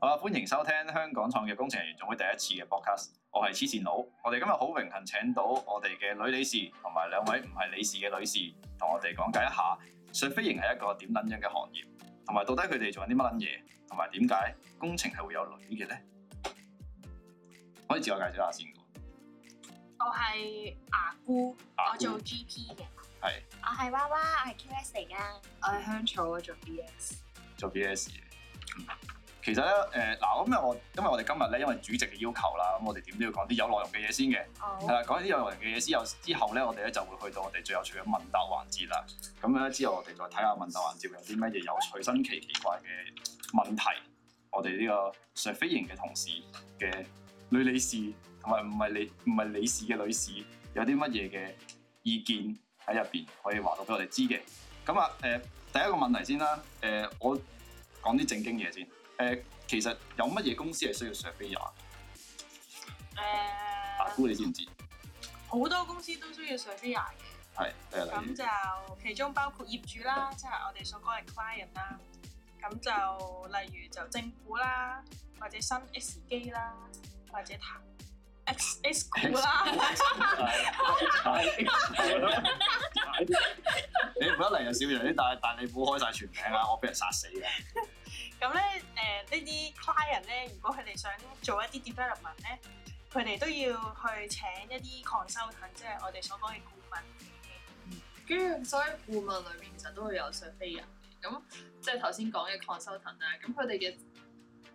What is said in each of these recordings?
好啦，歡迎收聽香港創建及工程人員總會第一次嘅播客。我係黐線佬。我哋今日好榮幸請到我哋嘅女理事同埋兩位唔係理事嘅女士，同我哋講解一下 surveying 係一個點撚樣嘅行業，同埋到底佢哋做緊啲乜撚嘢，同埋點解工程係會有女嘅咧？可以自我介紹下先。我係牙菇，阿菇我做 G P 嘅。係是。我係娃娃，我係 Q S 嚟噶。我係香草，我做 B S 做 BS。做 B S 其實咧，誒、呃、嗱，咁啊，我因為我哋今日咧，因為主席嘅要求啦，咁我哋點都要講啲有內容嘅嘢先嘅，係啦，講啲有內容嘅嘢先，有之後咧，我哋咧就會去到我哋最後除咗問答環節啦。咁咧之後，我哋再睇下問答環節有啲乜嘢有趣新奇奇怪嘅問題，我哋呢個上飛型嘅同事嘅女理事同埋唔係你唔係理事嘅女士有啲乜嘢嘅意見喺入邊，可以話到俾我哋知嘅。咁啊，誒、呃、第一個問題先啦，誒、呃、我講啲正經嘢先。誒，其實有乜嘢公司係需要上飛呀？誒，阿姑你知唔知？好多公司都需要上飛呀。係，咁就其中包括業主啦，即係我哋所講嘅 client 啦。咁就例如就政府啦，或者新 S 機啦，或者騰 X, X X 股啦。你唔得嚟啊， 小楊！ 但係但係你唔好開晒全名啊，我俾人殺死嘅。咁咧，誒呢啲 client 咧，如果佢哋想做一啲 development 咧，佢哋都要去請一啲 consultant，即係我哋所講嘅顧問嘅。嗯。跟住，所以顧問裏面其實都會有 surveyor 人嘅。咁即係頭先講嘅 consultant 啊，咁佢哋嘅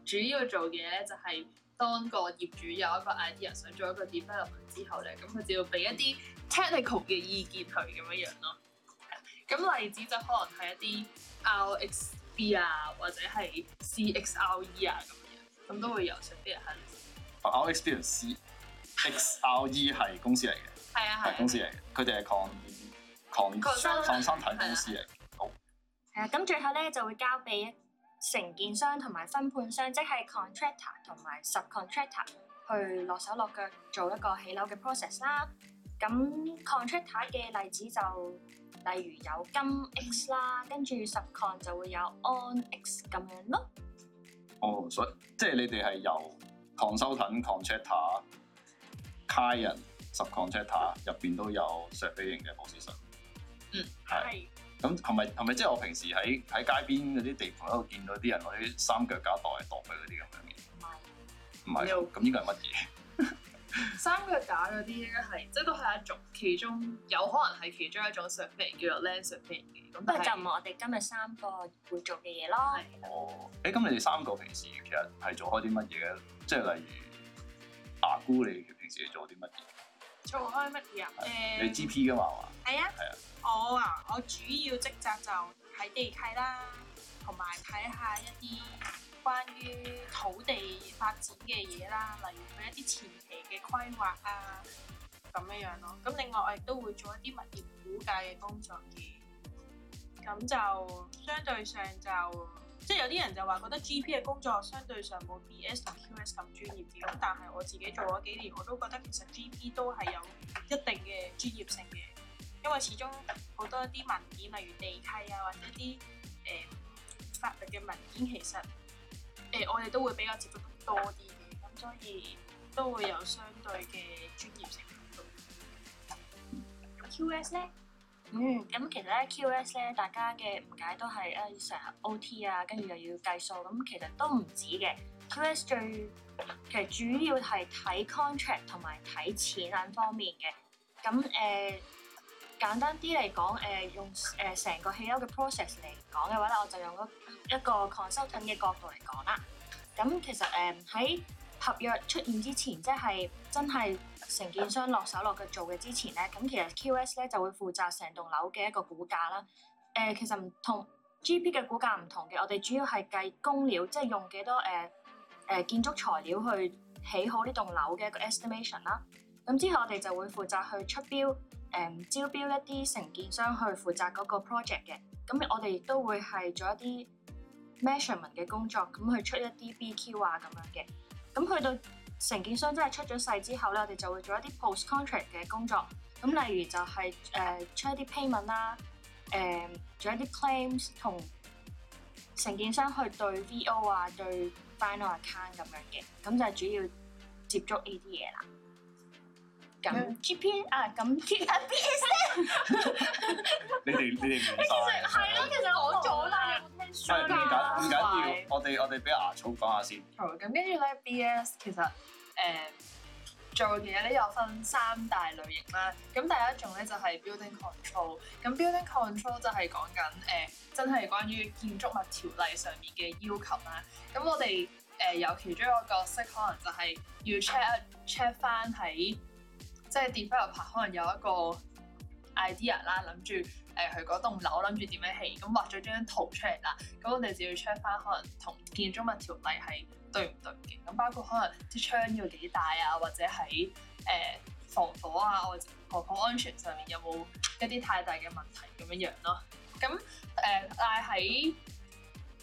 主要做嘅咧，就係當個業主有一個 idea 想做一個 development 之後咧，咁佢就要俾一啲 technical 嘅意見佢咁樣樣咯。咁例子就可能係一啲 architecture B 啊，或者係 C X R E 啊咁樣，咁都會有成啲人喺度。R X B 同 C X R E 係公司嚟嘅，係啊係公司嚟嘅，佢哋係抗抗抗生體公司嚟。係啊，咁好、啊、最後咧就會交俾承建商同埋分判商，即、就、係、是、contractor 同埋 subcontractor 去落手落腳做一個起樓嘅 process 啦。咁 contractor 嘅例子就例如有金 x 啦，跟住十 c o n 就會有 on x 咁樣咯。哦，所以即係你哋係由 c o n contractor、k a y e n 十 contractor 入邊都有石碑型嘅保時盾。嗯、mm, 是，係是。咁係咪係咪即係我平時喺喺街邊嗰啲地盤嗰度見到啲人攞啲三腳架袋擋佢嗰啲咁樣嘅？唔係，唔係，咁應該係乜嘢？ 三腳架嗰啲應該係，即係都係一種，其中有可能係其中一種設備，叫做 Lens 設備嘅。咁但係就唔係我哋今日三個會做嘅嘢咯的。哦，誒、欸，咁你哋三個平時其實係做開啲乜嘢嘅？即係例如阿菇，你平時做啲乜嘢？做開乜嘢啊？誒，嗯、你 GP 嘅嘛？係啊，係啊。我啊，我主要職責就睇地契啦，同埋睇下一啲。關於土地發展嘅嘢啦，例如佢一啲前期嘅規劃啊，咁樣樣咯。咁另外我亦都會做一啲物業估價嘅工作嘅。咁就相對上就，即係有啲人就話覺得 GP 嘅工作相對上冇 BS 同 QS 咁專業嘅。咁但係我自己做咗幾年，我都覺得其實 GP 都係有一定嘅專業性嘅，因為始終好多啲文件，例如地契啊或者啲誒法律嘅文件，其實～誒、欸，我哋都會比較接觸多啲嘅，咁所以都會有相對嘅專業性 Q 呢、嗯呢。Q S 咧，嗯，咁其實咧，Q S 咧，大家嘅誤解都係誒成日 O T 啊，跟住又要計數，咁其實都唔止嘅。Q S 最其實主要係睇 contract 同埋睇錢兩方面嘅，咁誒。呃簡單啲嚟、呃呃、講，誒用誒成個汽油嘅 process 嚟講嘅話咧，我就用一個 consulting 嘅角度嚟講啦。咁其實誒喺、呃、合約出現之前，即、就、係、是、真係承建商落手落腳做嘅之前咧，咁其實 QS 咧就會負責成棟樓嘅一個估價啦。誒、呃、其實唔同 GP 嘅估價唔同嘅，我哋主要係計工料，即、就、係、是、用幾多誒誒、呃呃、建築材料去起好呢棟樓嘅一個 estimation 啦。咁之後我哋就會負責去出標。誒、嗯、招標一啲承建商去負責嗰個 project 嘅，咁我哋亦都會係做一啲 measurement 嘅工作，咁去出一啲 BQ 啊，咁樣嘅。咁去到承建商真係出咗世之後咧，我哋就會做一啲 post-contract 嘅工作，咁例如就係、是、誒、呃、出一啲 payment 啦、啊，誒、呃、做一啲 claims 同承建商去對 vo 啊，對 final account 咁樣嘅，咁就係主要接觸呢啲嘢啦。咁，T 那 G P 啊，咁 T A B S, 你。你哋、啊、你哋唔明白？係咯，其實我咗啦，有咩相干啊？唔緊要，的我哋我哋俾阿牙菇，講下先。好，咁，跟住咧，B S 其實誒、呃、做嘢咧又分三大類型啦。咁第一種咧就係 Building Control。咁 Building Control 就係講緊誒真係關於建築物條例上面嘅要求啦。咁我哋誒、呃、有其中一個角色，可能就係要 check check 翻喺。 即係 developer 可能有一個 idea 啦，諗住誒去嗰棟樓，諗住點樣起，咁畫咗張圖出嚟啦。咁我哋就要 check 翻可能同建築物條例係對唔對嘅。咁包括可能啲窗要幾大、呃、啊，或者喺誒防火啊或者防火安全上面有冇一啲太大嘅問題咁樣樣咯。咁誒、呃，但係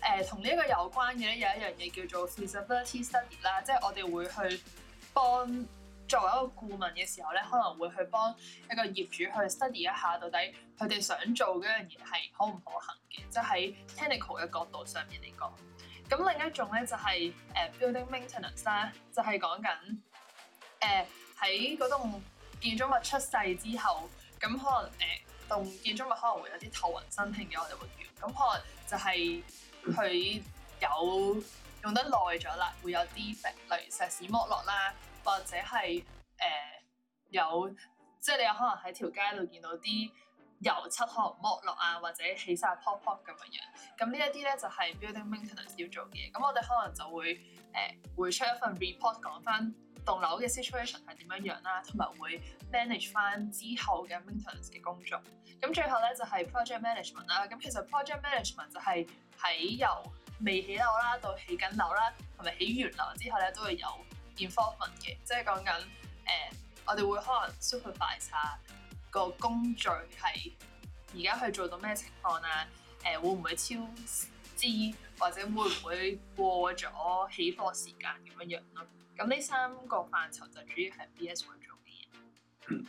喺誒同呢一個有關嘅咧有一樣嘢叫做 feasibility study 啦，即係我哋會去幫。作為一個顧問嘅時候咧，可能會去幫一個業主去 study 一下到底佢哋想做嗰樣嘢係可唔可行嘅，即喺 technical 嘅角度上面嚟講。咁另一種咧就係、是 uh, building maintenance 啦，就係講緊誒喺嗰棟建築物出世之後，咁可能、uh, 棟建築物可能會有啲頭暈身㷫嘅，我哋會叫。咁可能就係佢有用得耐咗啦，會有啲例如石屎剝落啦。或者係誒、呃、有，即係你有可能喺條街度見到啲油漆可能剝落啊，或者起晒 pop pop 咁樣樣，咁呢一啲咧就係 building maintenance 要做嘅，咁我哋可能就會誒、呃、會出一份 report 講翻棟樓嘅 situation 係點樣樣啦，同埋會 manage 翻之後嘅 maintenance 嘅工作。咁最後咧就係 project management 啦。咁其實 project management 就係喺由未起樓啦到起緊樓啦，同埋起完樓之後咧都會有。見 f 嘅，即係講緊誒，我哋會可能 s 去排查個工序係而家去做到咩情況啊？誒、呃，會唔會超支，G，或者會唔會過咗起貨時間咁樣樣咯？咁呢三個範疇就主要係 BS 會做嘅嘢，嗯。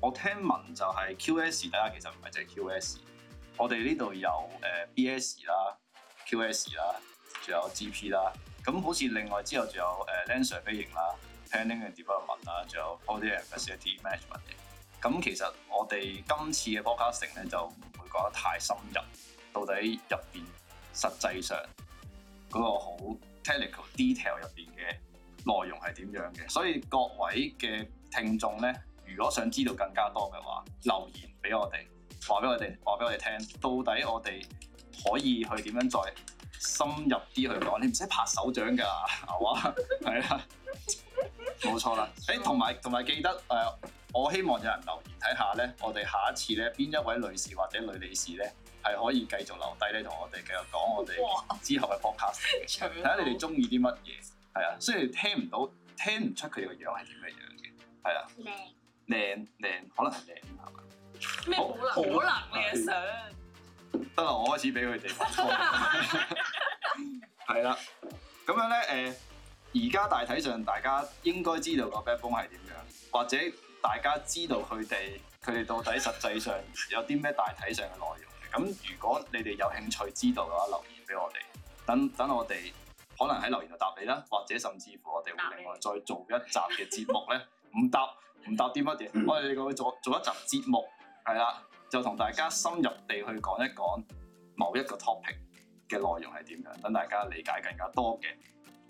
我聽聞就係 QS，大家其實唔係淨係 QS，我哋呢度有誒、呃、BS 啦、QS 啦，仲有 GP 啦。咁好似另外之後仲有誒 lancer 飛型啦，planning 嘅 development 啦，仲有 project management 嘅。咁其實我哋今次嘅 podcasting 咧就唔會講得太深入，到底入面實際上嗰個好 technical detail 入面嘅內容係點樣嘅。所以各位嘅聽眾咧，如果想知道更加多嘅話，留言俾我哋，話俾我哋，話俾我哋聽，到底我哋可以去點樣再深入啲去講，你唔使拍手掌㗎，係嘛？係啦，冇錯啦。誒，同埋同埋記得誒，我希望有人留言睇下咧，我哋下一次咧邊一位女士或者女理事咧係可以繼續留低咧，同我哋繼續講我哋之後嘅 podcast，睇下你哋中意啲乜嘢。係啊，雖然聽唔到，聽唔出佢哋個樣係點嘅樣嘅，係啊，靚靚靚，可能係靚係嘛？咩可能嘅相？得啦，我開始俾佢哋。啦，咁樣咧，誒、呃，而家大體上大家應該知道個 backbone 係點樣，或者大家知道佢哋佢哋到底實際上有啲咩大體上嘅內容嘅。咁如果你哋有興趣知道嘅話，留言俾我哋，等等我哋可能喺留言度答你啦，或者甚至乎我哋會另外再做一集嘅節目咧，唔答唔答啲乜嘢，我哋去做做一集節目，係啦，就同大家深入地去講一講某一個 topic。嘅內容係點樣？等大家理解更加多嘅。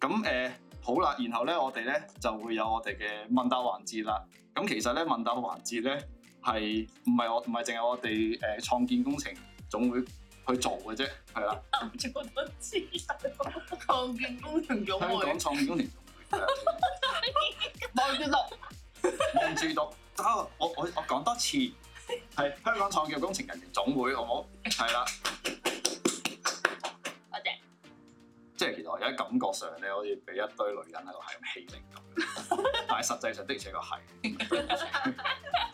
咁、呃、好啦，然後咧我哋咧就會有我哋嘅問答環節啦。咁其實咧問答環節咧係唔係我，唔係淨係我哋誒、呃、創建工程總會去做嘅啫，係啦。講多次，創建工程總會。香港創建工程總會。望住讀。望住，讀 我我我講多次係香港創建工程人員總會，好唔好？係啦。 即係原來而家感覺上咧，好似俾一堆女人喺度係咁欺凌咁， 但係實際上的確係個係，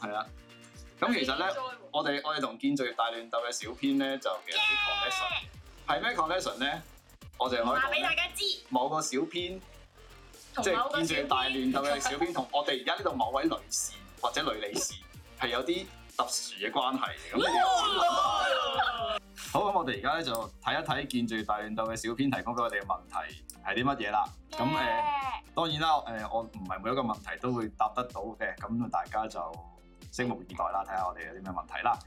係啦。 咁其實咧，我哋我哋同《建造孽大亂鬥》嘅小編咧，就其實啲 connection 係咩 Yeah! connection 咧？我哋可以話俾大家知，某個小編即係《建造孽大亂鬥》嘅小編，同 我哋而家呢度某位女士或者女理士，係 有啲特殊嘅關係。 好，咁我哋而家咧就睇一睇《建造孽大亂鬥》嘅小編提供俾我哋嘅問題係啲乜嘢啦。咁誒 Yeah.、呃，當然啦，誒、呃、我唔係每一個問題都會答得到嘅。咁、呃、大家就拭目以待啦，睇下我哋有啲咩問題啦。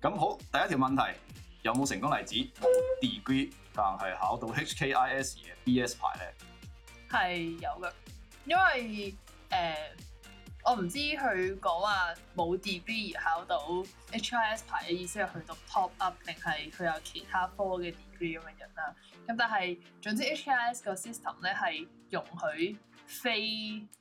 咁好，第一條問題有冇成功例子冇 degree，但係考到 HKIS 嘅 BS 牌咧？係有嘅，因為誒。呃我唔知佢講話冇 degree 而考到 HIS 牌嘅意思係佢讀 top up 定係佢有其他科嘅 degree 咁樣樣啦。咁但係總之 HIS 個 system 咧係容許非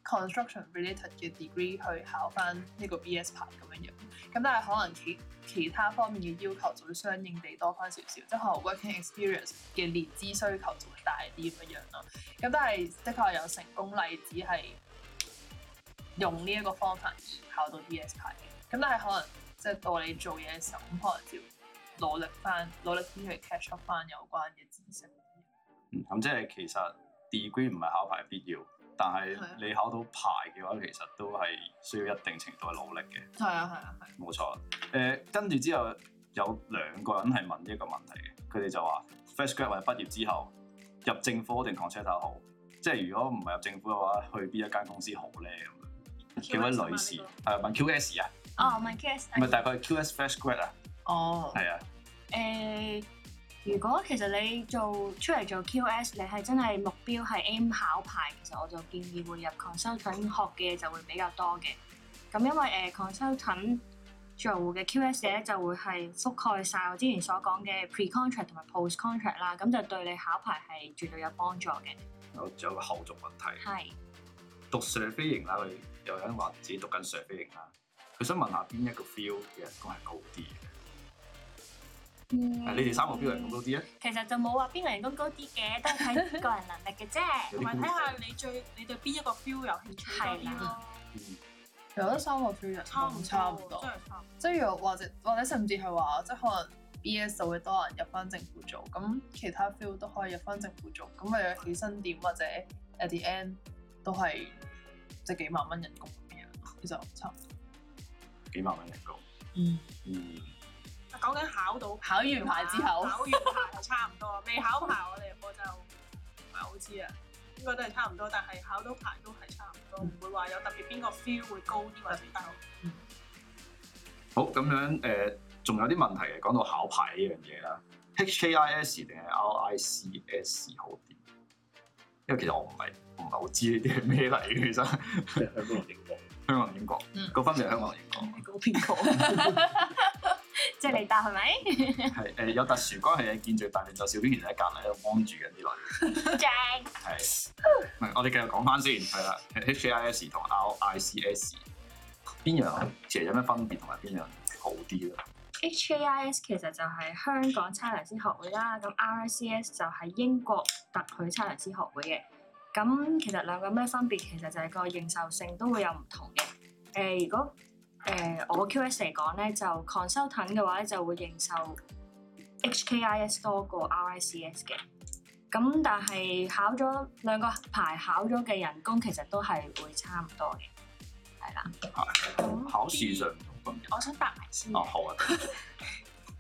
construction related 嘅 degree 去考翻呢個 BS 牌咁樣樣。咁但係可能其其他方面嘅要求就會相應地多翻少少，即係可能 working experience 嘅年資需求就會大啲咁樣樣咯。咁但係的確有成功例子係。用呢一個方法考到 D.S. 牌咁，但係可能即係到你做嘢嘅時候，咁可能要努力翻，努力啲去 catch up 翻有關嘅知識。咁、嗯、即係其實 degree 唔係考牌必要，但係你考到牌嘅話，的其實都係需要一定程度嘅努力嘅。係啊，係啊，係。冇錯誒，跟住之後有兩個人係問呢一個問題嘅，佢哋就話 fresh grad 或者畢業之後入，入政府定當 contractor 好？即係如果唔係入政府嘅話，去邊一間公司好咧咁樣？幾位女士？誒、這個 uh, 問 QS 啊？哦、oh, mm，問 QS。唔係大概 QS Fresh Grad 啊？哦。係啊。誒，uh, 如果其實你做出嚟做 QS，你係真係目標係 aim 考牌，其實我就建議會入 Consultant 學嘅嘢就會比較多嘅。咁因為誒、uh, Consultant 做嘅 QS 咧就會係覆蓋晒我之前所講嘅 Pre Contract 同埋 Post Contract 啦，咁就對你考牌係絕對有幫助嘅。有有個後續問題。係是。讀蛇飛型啦，佢有人話自己讀緊上飛型啦，佢想問下邊一個 feel 嘅人工係高啲嘅？嗯、你哋三個 feel 係高高啲啊？其實就冇話邊個人工高啲嘅，都係睇個人能力嘅啫，同埋睇下你最你對邊一個 feel 有興趣多啲咯。嗯，我覺得三個 feel 人差唔差唔多，多多即係差。即係又或者或者甚至係話，即係可能 BS 會多人入翻政府做，咁其他 feel 都可以入翻政府做，咁嘅起薪點或者 at the end 都係。即係幾萬蚊人工咁樣，其實差唔多。幾萬蚊人工，嗯嗯。但講緊考到，考完牌之後， 考完牌就差唔多，未考牌我哋我就唔係好知啊。應該都係差唔多，但係考到牌都係差唔多，唔、嗯、會話有特別邊個 feel 會高啲或者比較。嗯。好，咁樣誒，仲、呃、有啲問題嘅，講到考牌呢樣嘢啦，HKIS 定係 RICS 好啲？因為其實我唔係。我知呢啲係咩嚟嘅，真係香港英國，香港英國個分別喺香港英國，係嗰邊講，即係你答係咪？係誒 有特殊關係嘅建築，但係就小編其實喺隔籬喺度幫住緊啲女。j a m e 係我哋繼續講翻先係啦。H A I S 同 R I C S 邊樣其實有咩分別，同埋邊樣好啲啦？H A I S 其實就係香港測量師學會啦，咁 R I C S 就係英國特許測量師學會嘅。咁其實兩個咩分別？其實就係個認受性都會有唔同嘅。誒、呃，如果誒、呃、我 QS 嚟講咧，就 consultant 嘅話咧就會認受 HKIS 多過 RICS 嘅。咁但係考咗兩個牌考咗嘅人工其實都係會差唔多嘅。係啦。係、咁考試上唔同分別。我想答埋先。啊、哦，好啊。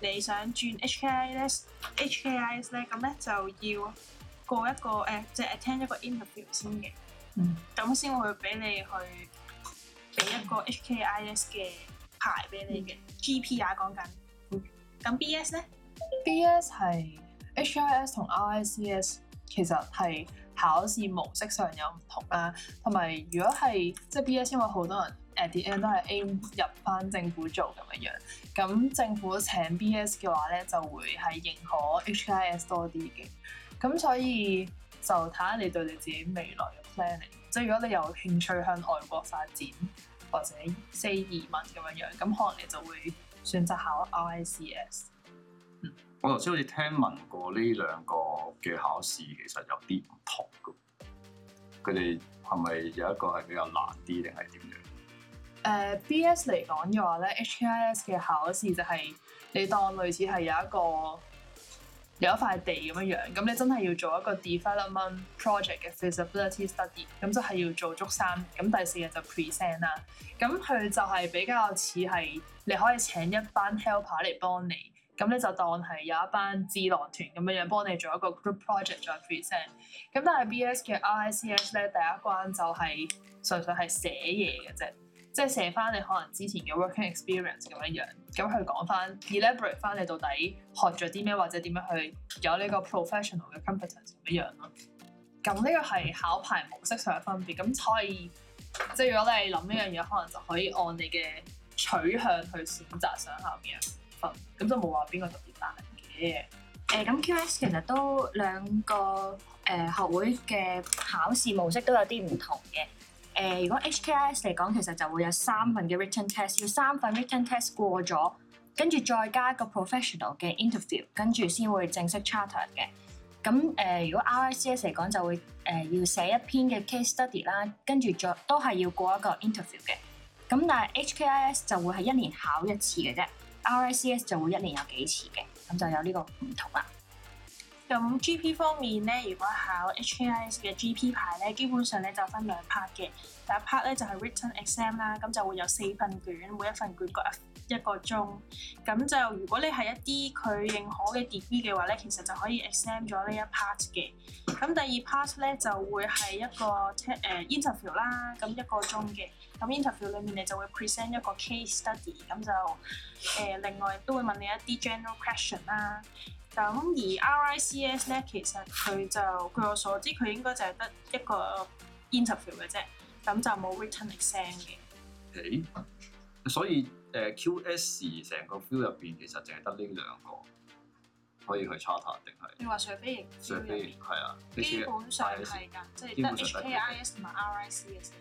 你想轉 HKIS、HKIS 咧，咁咧就要過一個即係、呃即係、attend 一個 interview 先嘅。嗯。咁先會俾你去俾一個 HKIS 嘅牌俾你嘅。GPR 講緊。咁 BS 咧？BS 係 HKIS 同 RICS 其實係考試模式上有唔同啦、啊。同埋如果係即係 BS 因為好多人。At the end 都係 A 入翻政府做咁樣樣，咁政府請 BS 嘅話咧，就會係認可 HKIS 多啲嘅。咁所以就睇下你對你自己未來嘅 planning。即係如果你有興趣向外國發展或者 say 移民咁樣樣，咁可能你就會選擇考 RICS。嗯，我頭先好似聽聞過呢兩個嘅考試其實有啲唔同嘅，佢哋係咪有一個係比較難啲定係點樣？誒、呃、B.S. 嚟講嘅話咧，HKIS 嘅考試就係你當類似係有一個有一塊地咁樣樣，咁你真係要做一個 development project 嘅 feasibility study，咁就係要做足三，咁第四日就 present 啦。咁佢就係比較似係你可以請一班 helper 嚟幫你，咁你就當係有一班智囊團咁樣樣幫你做一個 group project 再 present。咁但係 B.S. 嘅 R.I.C.S. 咧第一關就係、是、純粹係寫嘢嘅啫。即係寫翻你可能之前嘅 working experience 咁樣樣，咁佢講翻 elaborate 翻你到底學咗啲咩，或者點樣去有呢 prof 個 professional 嘅 competence 咁樣咯。咁呢個係考牌模式上嘅分別。咁所以即係如果你諗呢樣嘢，可能就可以按你嘅取向去選擇想考邊樣分，咁就冇話邊個特別難嘅。誒、呃，咁 QS 其實都兩個誒、呃、學會嘅考試模式都有啲唔同嘅。誒、呃，如果 HKIS 嚟講，其實就會有三份嘅 written test，要三份 written test 過咗，跟住再加一個 professional 嘅 interview，跟住先會正式 chartered 嘅。咁誒、呃，如果 RICS 嚟講，就會誒、呃、要寫一篇嘅 case study 啦，跟住再都係要過一個 interview 嘅。咁但係 HKIS 就會係一年考一次嘅啫，RICS 就會一年有幾次嘅，咁就有呢個唔同啦。咁 GP 方面咧，如果考 HKIS 嘅 GP 牌咧，基本上咧就分兩 part 嘅。第一 part 咧就係、是、written exam 啦，咁就會有四份卷，每一份卷各一個鐘。咁就如果你係一啲佢認可嘅 degree 嘅話咧，其實就可以 exam 咗呢一 part 嘅。咁第二 part 咧就會係一個 interview 啦，咁一個鐘嘅。咁 interview 裏面你就會 present 一個 case study，咁就誒、呃、另外都會問你一啲 general question 啦。咁而 RICS 咧，其實佢就據我所知，佢應該就係得一個 interview 嘅啫，咁就冇 written exam 嘅。誒，所以誒 QS 成個 view 入邊，其實淨係得呢兩個可以去 chart 定係。你話水飛型嘅嘢，水飛係啊，基本上係㗎，即係得 HKIS 同埋 RICS 嘅事。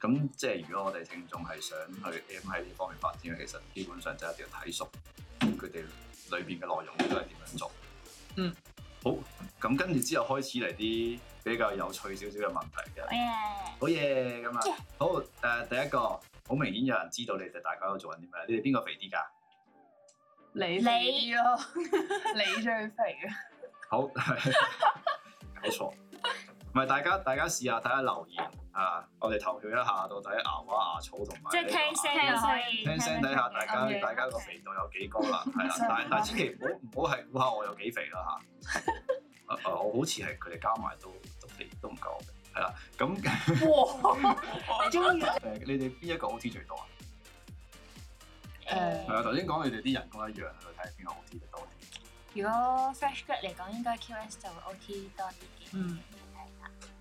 咁即係如果我哋聽眾係想去 M 喺呢方面發展咧，其實基本上就一定要睇熟佢哋。裏邊嘅內容應該係點樣做？嗯，好。咁跟住之後開始嚟啲比較有趣少少嘅問題嘅，oh、yeah. 好嘢咁啊！Yeah. 好誒、呃，第一個好明顯有人知道你哋大家喺做緊啲咩？你哋邊個肥啲㗎？你你咯，你最肥啊！好， 搞錯，唔係大家，大家試下睇下留言。啊！我哋投票一下，到底牙菇、阿草同埋即係聽聲可以聽聲睇下，大家大家個肥度有幾高啊？係啦，但但千祈唔好唔好係哇！我有幾肥啦吓！我好似係佢哋加埋都都肥都唔夠，係啦咁。你哋邊一個 OT 最多啊？誒，係啊！頭先講你哋啲人工一樣，就睇下邊個 OT 多啲。如果 Fresh Grad 嚟講，應該 QS 就會 OT 多啲嘅。嗯。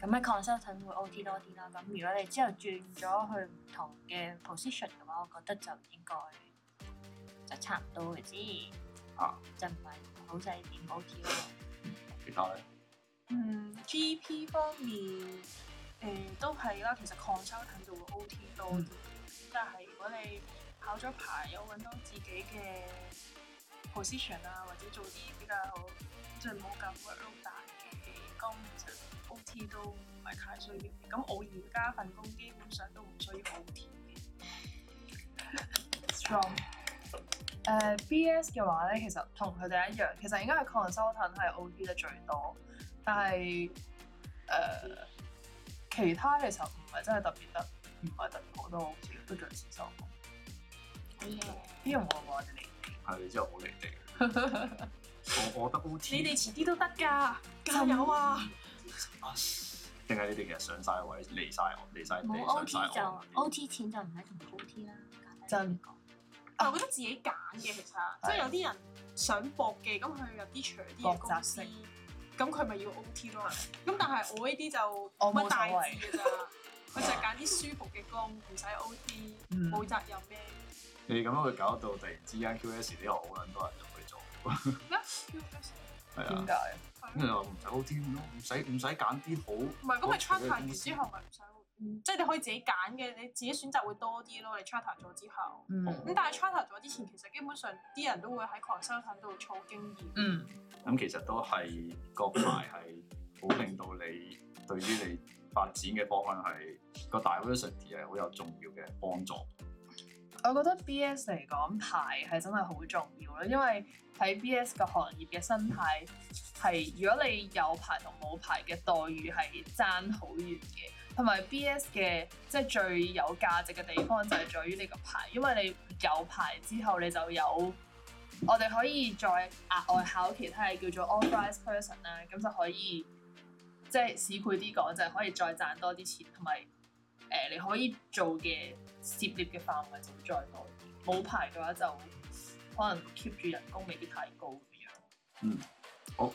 咁喺 consultant 會 OT 多啲啦，咁如果你之後轉咗去唔同嘅 position 嘅話，我覺得就應該就差唔多嘅啊，就唔係好細點 OT 咯。其他咧，嗯，GP 方面誒、呃、都係啦，其實 consultant 就會 OT 多啲，嗯、但係如果你考咗牌，有揾到自己嘅 position 啊，或者做啲比較即係冇咁 workload 大。工其實 O T 都唔係太需要，咁我而家份工基本上都唔需要 O T Strong，誒 B S 嘅、 uh，話咧，其實同佢哋一樣，其實應該係 consultant 係 O T 得最多，但係誒、uh, mm hmm. 其他其實唔係真係特別得，唔係特別多 O T 都著、OK，時收工。啲人話話你係真係好離地。 我覺得 O T，你哋遲啲都得㗎，加油啊！定係你哋其實上晒位，離晒，我，離晒。你，上曬就 O T 錢就唔使同 O T 啦。真係我覺得自己揀嘅其實，即係有啲人想搏嘅，咁佢有啲長啲嘅工資，咁佢咪要 O T 咯。咁但係我呢啲就乜大志㗎咋，佢就揀啲舒服嘅工，唔使 O T，冇責任咩？你哋咁樣會搞到突然之間 Q S 呢度好撚多人。咩？係 啊，點解啊？咁又唔使好挑咯，唔使唔使揀啲好唔係。咁係 charter 完之後，咪唔使，即係你可以自己揀嘅，你自己選擇會多啲咯。你 charter 咗之後，咁、嗯嗯、但係 charter 咗之前，其實基本上啲人都會喺 course 度儲經驗。嗯，咁、嗯、其實都係各牌係好令到你對於你發展嘅方向係 個 diversity 係好有重要嘅幫助。我覺得 B S 嚟講，牌係真係好重要咯，因為喺 B.S. 嘅行業嘅生態，係如果你有牌同冇牌嘅待遇係爭好遠嘅。同埋 B.S. 嘅即係最有價值嘅地方就係在於你個牌，因為你有牌之後你就有，我哋可以再額外考其他嘅叫做 authorized person 啦，咁就可以即係市儈啲講就係、是、可以再賺多啲錢，同埋誒你可以做嘅涉獵嘅範圍就會再多。冇牌嘅話就。可能 keep 住人工未必太高咁樣。嗯，好。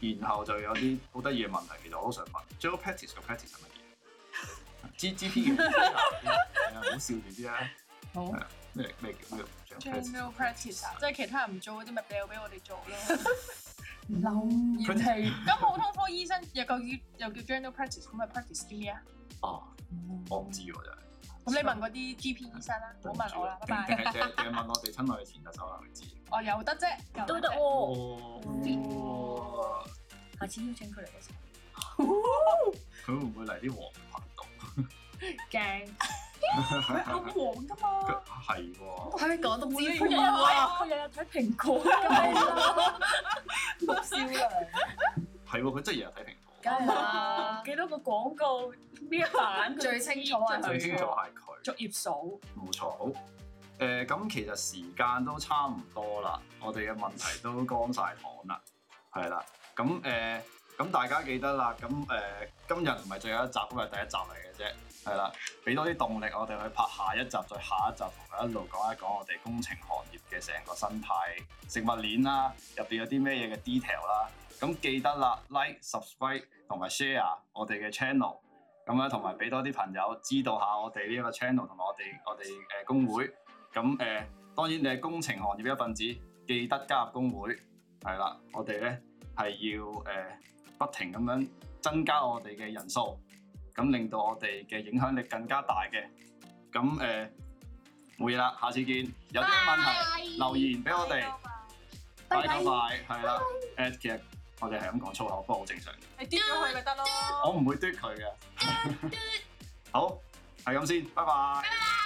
然後就有啲好得意嘅問題，其實我都想問。General practice 個 practice 係乜嘢？G G P 好笑住啲啊。好。咩咩叫咩？General practice 即係其他人唔做嗰啲咪掉俾我哋做咯。嬲！佢係咁普通科醫生又叫又叫 general practice，咁咪 practice 啲咩啊？哦，我唔知喎真係。咁你問嗰啲 GP 醫生啦，唔好問我啦，拜拜。定係問我哋親愛嘅前特首啊，佢知。哦，有得啫，都得喎。下次邀請佢嚟嘅時候。佢會唔會嚟啲黃頻道？驚。係黃㗎嘛。係喎。香港都唔會啊。日日睇蘋果。係喎，佢真係日日睇蘋果。梗係啦。幾多個廣告？邊一版最清楚啊？最清楚係佢。作業數。冇錯。好。誒、呃，咁其實時間都差唔多啦。我哋嘅問題都乾晒糖啦。係啦。咁誒，咁、呃、大家記得啦。咁誒、呃，今日唔係最後一集，咁係第一集嚟嘅啫。係啦。俾多啲動力，我哋去拍下一集，再下一集，同佢一路講一講我哋工程行業嘅成個生態、食物鏈啦、啊，入邊有啲咩嘢嘅 detail 啦。咁記得啦，like subscribe、subscribe 同埋 share 我哋嘅 channel，咁咧同埋俾多啲朋友知道下我哋呢一個 channel 同埋我哋我哋誒、呃、工會，咁誒、呃、當然你係工程行業一份子，記得加入工會，係啦，我哋咧係要誒、呃、不停咁樣增加我哋嘅人數，咁令到我哋嘅影響力更加大嘅，咁誒冇嘢啦，下次見，有啲問題留言俾我哋，Bye. 拜拜，係啦，誒其實我哋係咁講粗口，不過好正常的。你篤咗佢咪得咯，我唔會篤佢嘅。 好，係咁先，拜拜。拜拜。